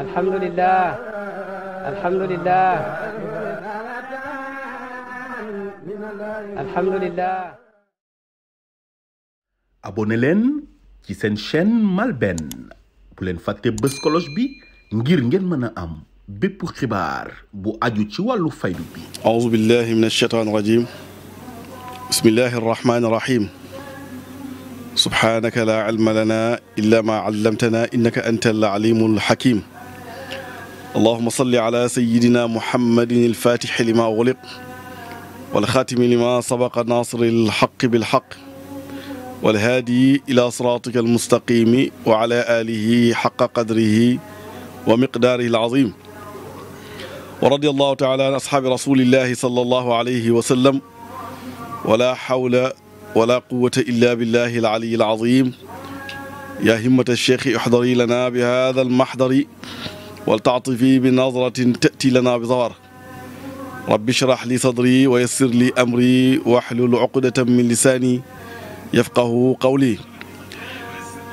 alhamdulillah alhamdulillah alhamdulillah abonné leen ci seen chaîne MALBN bu leen fàtte bës cloche bi ngir ngeen mën a am bépp xibaar bu aju ci wàllu faydu bi a'uuzu billahi min ash-shaytaani rajiim bismillahi rahmaani rahiim subhaanaka laa ilma lanaa illaa maa allamtanaa innaka anta al-aliimul hakiim allahumma salli alaa sayyidinaa muhammadin al-faatixi limaa ughliq wal xaatimi limaa sabaqa naasiril haqqi bil haqq wal haadii ilaa siraatika al-mustaqiim wa alaa aalihi haqqa qadrihi wa miqdaarihi al-aziim wa radiyallaahu ta'aalaa an ashaabi rasuulillaahi sallallaahu alayhi wa sallam wa laa hawla wala quwwata illa billahi al-ali al-azim yaa himmata cheikh ixdari lana bi hada almaxdari wal taatifi bi nadratin tati lana bi zawar rabbi shrah li sadri wa yassir li amri wahlul uqdatan min lisaani yafqahu qawli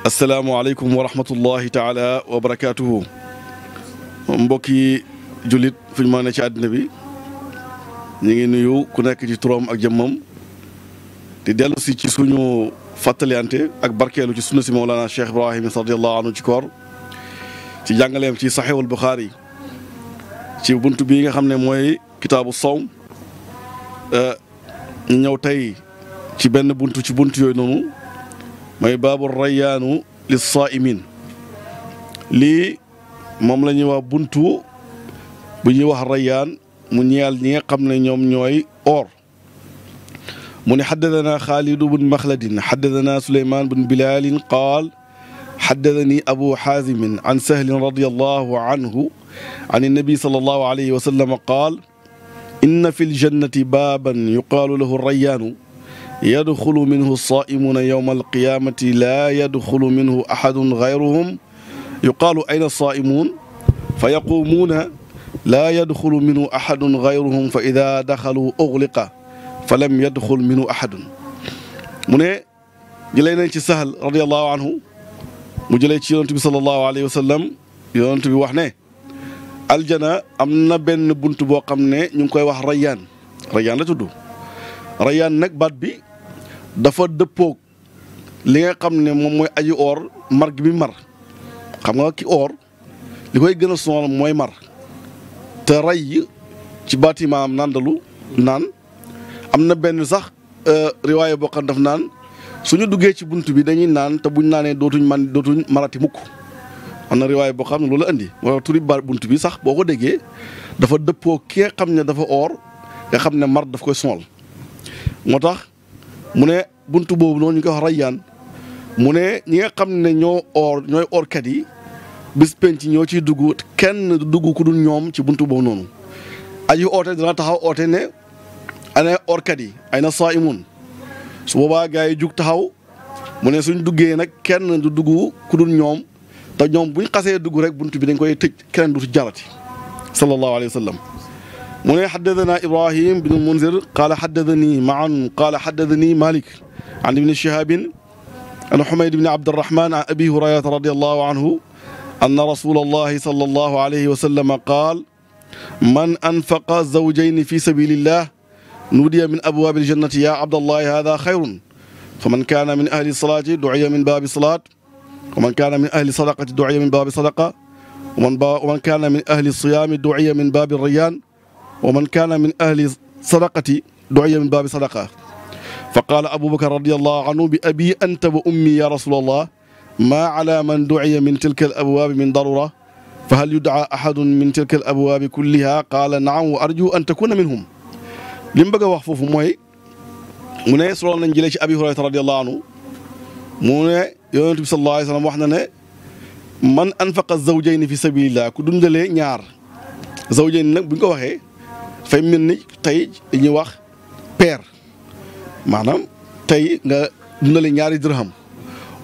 asalaamu aleykum wa rahmatullahi taala wa barakaatuhu mbokki jullit fu ñu mën ne ci àddina bi ñu ngi nuyu ku nekk ci turam ak jëmmam di dellu si ci suñu fàttaliante ak barkeelu ci sunna si Mawlana Cheikh Ibrahim radiyallahu anhu ci koor ci jàngaleem ci saxiwul Buxaari ci bunt bii nga xam ne mooy kitaabu sawm euh, ñu ñëw tey ci benn bunt ci bunt yooyu noonu mooy baabu rayyaanu li saaimin lii moom la ñuy wax buntu bu ñuy wax rayyaan mu ñeel ñi nga xam ne ñoom ñooy or mu ne xaddadanaa xaalidu bun maxladin xaddadanaa suleymaan bun bilaalin qaal xaddadanii abu xaazimin an sahlin radiyallahu anhu an innabi sallallahu alayhi wa sallam qaal inna fi ljannati baaban yuqaalu lahu rayyaanu yadxulu minhu saa'imuuna yowma alqiyaamati laa yadxulu minhu axadun gayruhum yuqaalu ayna saa'imuun fa yaquumuuna laa yadxulu minhu axadun gayruhum fa idaa daxalu uxliqa fa lam yadxul minhu ahadun mu ne jëlee nañ ci Sahal radiyallahu anhu mu jëlee ci yonent bi sallallahu alayhi wa sallam bi wax ne aljana am na benn bunt boo xam ne ñu ngi koy wax rayyaan rayyaan la tudd rayyaan nag baat bi dafa dëppoog li nga xam ne moom mooy aji or mar gi mi mar xam nga ki or li koy gën a sonal mooy mar te ray ci baati maam naan am na benn sax euh, riwaaye boo xam daf naan suñu duggee ci bunt bi dañuy naan te buñ naanee dootuñ man dootuñ marati mukk am na riwaaye boo xam ne loolu andi wala turi bar bunt bi sax boo ko déggee dafa dëppoo kee xam ne dafa oor xam ne mar daf koy sonal moo tax mu ne bunt boobu noonu ñu koy wax mu ne ñi nga xam ne ñoo ñooy oorkat yi bis penc ñoo ciy dugg kenn dugg ku dul ñoom ci bunt boobu noonu aji oote dana taxaw oote ne ana orkat yi ay na saa imun su boobaa gars yi jug taxaw mu ne suñ duggee nag kenn du dugg ku dul ñoom te ñoom buñ xasee dugg rek bunt bi dañ koy tëj keneen du ci jarati sallallahu alayhi wa sallam mu ne xaddadanaa ibrahim bin munzir qaala xaddadanii maan qaala xaddadanii malik an ibni shihabin an xumayd ibni abdirahman an abi hurayrata radiallahu anhu anna rasula allahi sallallahu alayhi wa sallam qaal man anfaqa zawjayni fi sabilillah nuudiya min abwaabil jannati yaa abdallahi hada xayrun fa man kaana min ahli salaati duiya min baabi salaat wa man kaana min ahli sadaqati duiya min baabi sadaqa wa man kaana min ahli siyaami duiya min baabi riyaan wa man kaana min ahli sadaqati duiya min baabi sadaqa fa qaala abubakar radiyallahu anhu bi abii anta wa ummi yaa rasulallah maa ala man duiya min tilka al abwaabi min darura fa hal yudaa ahadun min tilka al abwaabi kulliha qaala naam wa arju an takuna minhum li bëgg a wax foofu mooy mu ne solo nañ jëlee ci abi hurayra radiyallahu anhu mu ne yonent na sallallahu alayhi wa sallam wax na ne man anfaqa zawjayni fi sabilillah ku dundalee ñaar zawjayni nag bu ñu ko waxee fay mel ni tey dañuy wax paire maanaam tey nga dundale ñaari dirham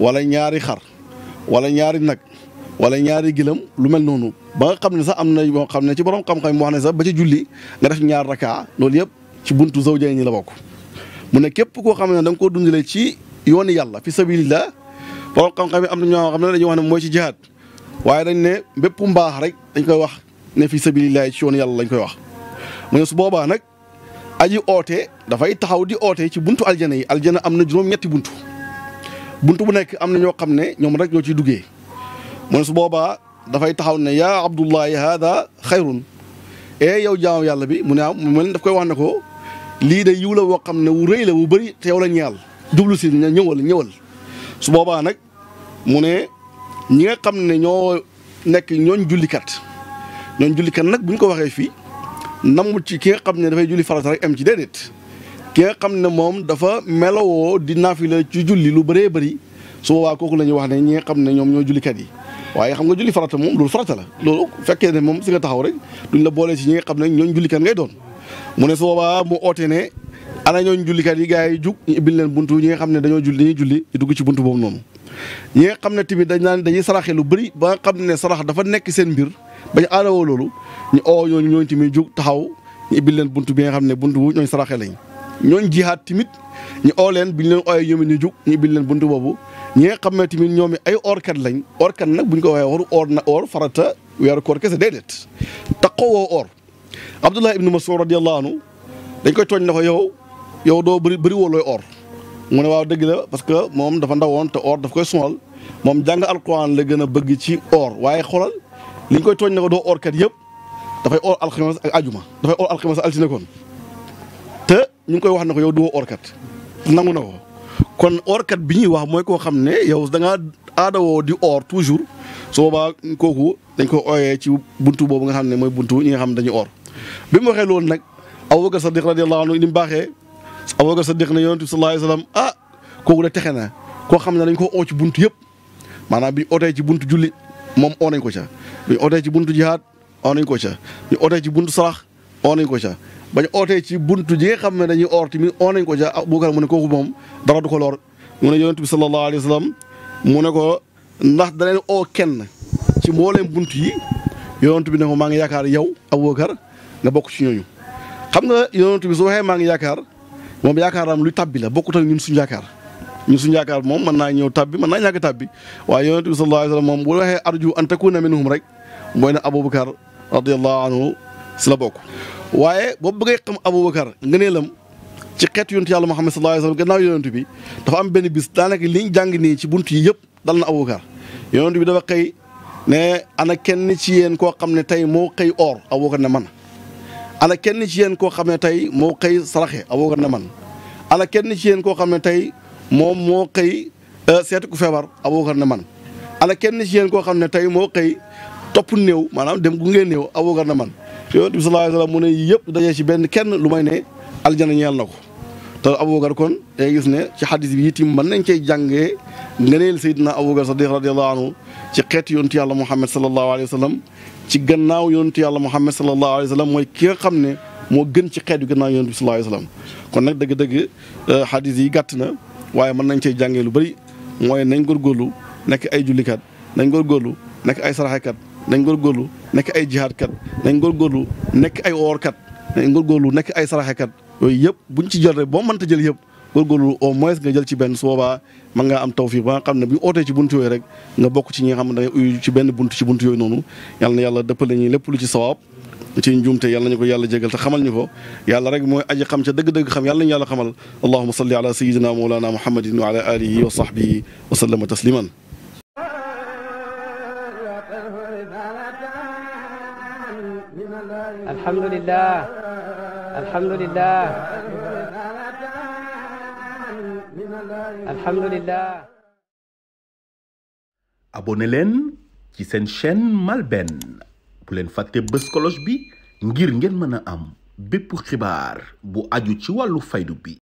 wala ñaari xar wala ñaari nag wala ñaari gilam lu mel noonu ba nga xam ne sax am na yoo xam ne ci borom xam-xam wax ne sax ba ci julli nga def ñaar raka loolu yëpp ci buntu zawjayn ñi la bokk mu ne képp koo xam ne da ko koo dundale ci yoonu yàlla fi sabilillah borom xam-xam yi am na ñoo xam ne dañuy wax ne mooy ci jihaad waaye dañ ne bépp mbaax rek dañ koy wax ne fi sabilillah ci yoonu yàlla lañ koy wax mu su boobaa nag aji oote dafay taxaw di oote ci buntu aljana yi aljana am na juróom buntu buntu bu nekk am na ñoo xam ne ñoom rek ñoo ciy duggee mu ne su boobaa dafay taxaw ne yaa abdullahi hada xayrun e yow jaamu yàlla bi mu ne ah koy wax ne ko lii de yiw la woo xam ne wu rëy la wu bari te yow la ñaal jublu si ñëwal ñëwal su boobaa nag mu ne ñi nga xam ne ñoo nekk ñooñ jullikat ñooñ jullikat nag bu ñu ko waxee fii namul ci ki nga xam ne dafay julli farata rek am ci déedéet ki nga xam ne moom dafa melowoo di naafila ci julli lu bëree bëri su boobaa kooku la ñuy wax ne ñi nga xam ne ñoom ñoo jullikat yi waaye xam nga julli farata moom loolu farata la loolu fekkee ne moom si nga taxaw rek duñ la boolee si ñi nga xam ne ñooñ jullikat ngay mu ne su boobaa mu oote ne ana ñooñu jullikat yi gars yi jug ñu ibbil leen buntu ñi nga xam ne dañoo julli dañuy julli ñu dugg ci buntu boobu noonu. ñi nga xam ne tamit dañ naan dañuy saraxe lu bari ba xam ne sarax dafa nekk seen mbir bañ aadawoo loolu ñu oo ñooñu ñooñu tamit jug taxaw ñu ibbil leen buntu bi nga xam ne buntu bu ñooñu saraxe lañ ñooñ jihaat tamit ñu oo leen biñ leen ooyee ñoom jug ñu leen buntu boobu ñi xam ne tamit ñoom ay oorkat lañ oorkat nag buñ ko waxee waru oor na oor farata weeru koor kese déedéet taxawoo oor Abdullah ibn Mas'ud radiyallahu anhu dañ koy tooñ na ko yow yow doo bëri bëri woo looy or mu ne waaw dëgg la parce que moom dafa ndawoon te or daf koy sonal moom jàng alquran la gën a bëgg ci or waaye xoolal li ñu koy tooñ na ko doo or kat yëpp dafay or alxames ak ajuma dafay or alxames kon te ñu ngi koy wax na ko yow doo or kat nangu na ko kon or kat bi ñuy wax mooy koo xam ne yow danga ngaa aadawoo di or toujours su boobaa kooku dañ koy ooyee ci buntu boobu nga xam ne mooy buntu ñi nga xam ne dañuy or. bi mu waxee loolu nag Abubakar Sadiq radiyallahu anhu ni mu baaxee Abubakar Sadiq ne yonent bi sallallahu alayhi wa sallam ah kooku de texe na koo xam ne dañ ko oo ci buntu yëpp maanaam bi ñu ootee ci buntu julli moom oo nañ ko ca bi ñu ci buntu jihaad oo nañ ko ca bi ñu ootee ci buntu sarax oo nañ ko ca bañ ootee ci buntu ji nga xam ne dañuy oor tamit oo nañ ko ca Abubakar mu ne kooku moom dara du ko lor mu ne yonent bi sallallahu alayhi wa sallam mu ne ko ndax da kenn ci mbooleem buntu yi yonent bi ne ko maa ngi yaakaar yow Abubakar nga bokk ci ñooñu xam nga yonent bi su waxee maa ngi yaakaar moom yaakaaram luy tabbi la bokkut ak ñun suñu yaakaar ñun suñu yaakaar moom mën naa ñëw tabbi mën naa ñàkk tabbi waaye yonent bi sallallahu alayhi wa sallam moom bu waxee arju an rek mooy ne Aboubacar radiyallahu anhu si la bokk. waaye boo bëggee xam Aboubacar ngëneelam ci xeetu yonent yàlla Muhammad sallallahu alayhi wa sallam gannaaw yonent bi dafa am benn bis daanaka li ñu jàng nii ci bunt yi yëpp dal na Aboubacar yonent bi dafa xëy ne ana kenn ci yéen koo xam ne tey moo xëy or Aboubacar ne man ala kenn ci yéen koo xam ne tey moo xëy saraxe awoo na man ala kenn ci koo xam ne tey moom moo xëy euh, seeti ku feebar awoo na man ala kenn ci yéen koo xam ne tey moo xëy topp néew maanaam dem gunge néew awoo na man yonent bi sallallahu alayhi mu ne yëpp dajee ci benn kenn lu may ne aljana ñeel na ko te aboubacar kon day gis ne ci xadis bi itim mën nañ cey jàngee ngëneel sayyidina aboubacar sadiq radiallahu anhu ci xeetu yontu yàlla Muhammad sallallahu alayhi wa sallam ci gannaaw yontu yàlla Muhammad sallallahu alayhi wa sallam mooy ki nga xam ne moo gën ci xeet yu gannaaw yontu bi sallallahu alayhi wa kon nag dëgg-dëgg euh, xadis yi gàtt na waaye mën nañ cey jàngee lu bari mooy nañ góorgóorlu nekk ay jullikat nañ góorgóorlu nekk ay saraxekat nañ góorgóorlu nekk ay jihaadkat nañ góorgóorlu nekk ay oorkat nañ góorgóorlu nekk ay saraxekat yooyu yëpp buñ ci jël rek boo mënta jël yëpp góorgóorlu au moins nga jël ci benn su boobaa mën ngaa am tawfiq ba nga xam ne bu ootee ci buntu yooyu rek nga bokk ci ñi nga xam ne dangay uyu ci benn buntu ci buntu yooyu noonu yàlla na yàlla dëppale ñi lu ci sawaab ci njuumte yàlla nañu ko yàlla jégal te xamal ñu ko yàlla rek mooy aji xam ca dëgg-dëgg xam yàlla nañu yàlla xamal allahuma salli ala sayidina mawlana muhammadin wa ala alihi wa sahbihi wa sallama tasliman alhamdulillah alhamdulillah alhamdulilah. abonné leen ci seen chaîne malben bu leen fàtte bës cloche bi ngir ngeen mën a am bépp xibaar bu aju ci wàllu faydu bi.